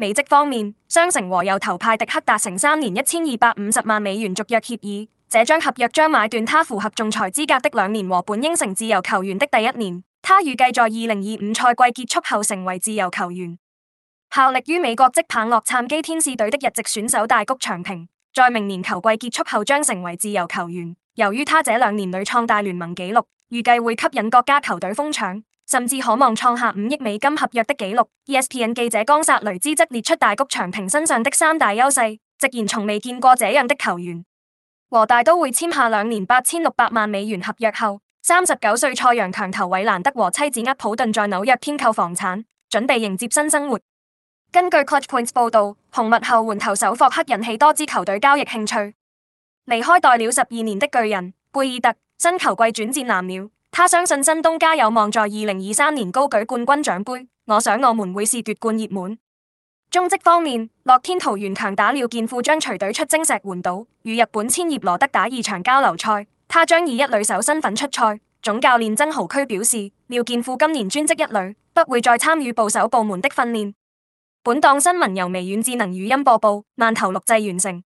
美職方面，雙城和右投派迪克達成三年一千二百五十萬美元續約協議，這張合約將買斷他符合仲裁資格的兩年和本應成自由球員的第一年。他預計在二零二五賽季結束後成為自由球員。效力於美國職棒洛杉磯天使隊的日籍選手大谷翔平，在明年球季結束後將成為自由球員。由於他這兩年屢創大聯盟紀錄，預計會吸引各家球隊瘋搶。甚至可望創下五億美金合約的紀錄。ESPN 記者岡薩雷茲則列出大谷翔平身上的三大優勢，直言從未見過這樣的球員。和大都會簽下兩年八千六百萬美元合約後，三十九歲蔡陽強投韋蘭德和妻子厄普頓在紐約天購房產，準備迎接新生活。根據 ClutchPoints 報道，紅襪後援投手霍克引起多支球隊交易興趣，離開待了十二年的巨人。貝爾特新球季轉戰藍鳥。他相信新東家有望在二零二三年高舉冠軍獎杯。我想我們會是奪冠熱門。中職方面，樂天桃園強打廖健富將隨隊出征石垣島，與日本千葉羅德打二場交流賽。他將以一壘手身份出賽。總教練曾豪駒表示，廖健富今年專職一壘，不會再參與捕手部門的訓練。本檔新聞由微軟智能語音播報，萬頭錄製完成。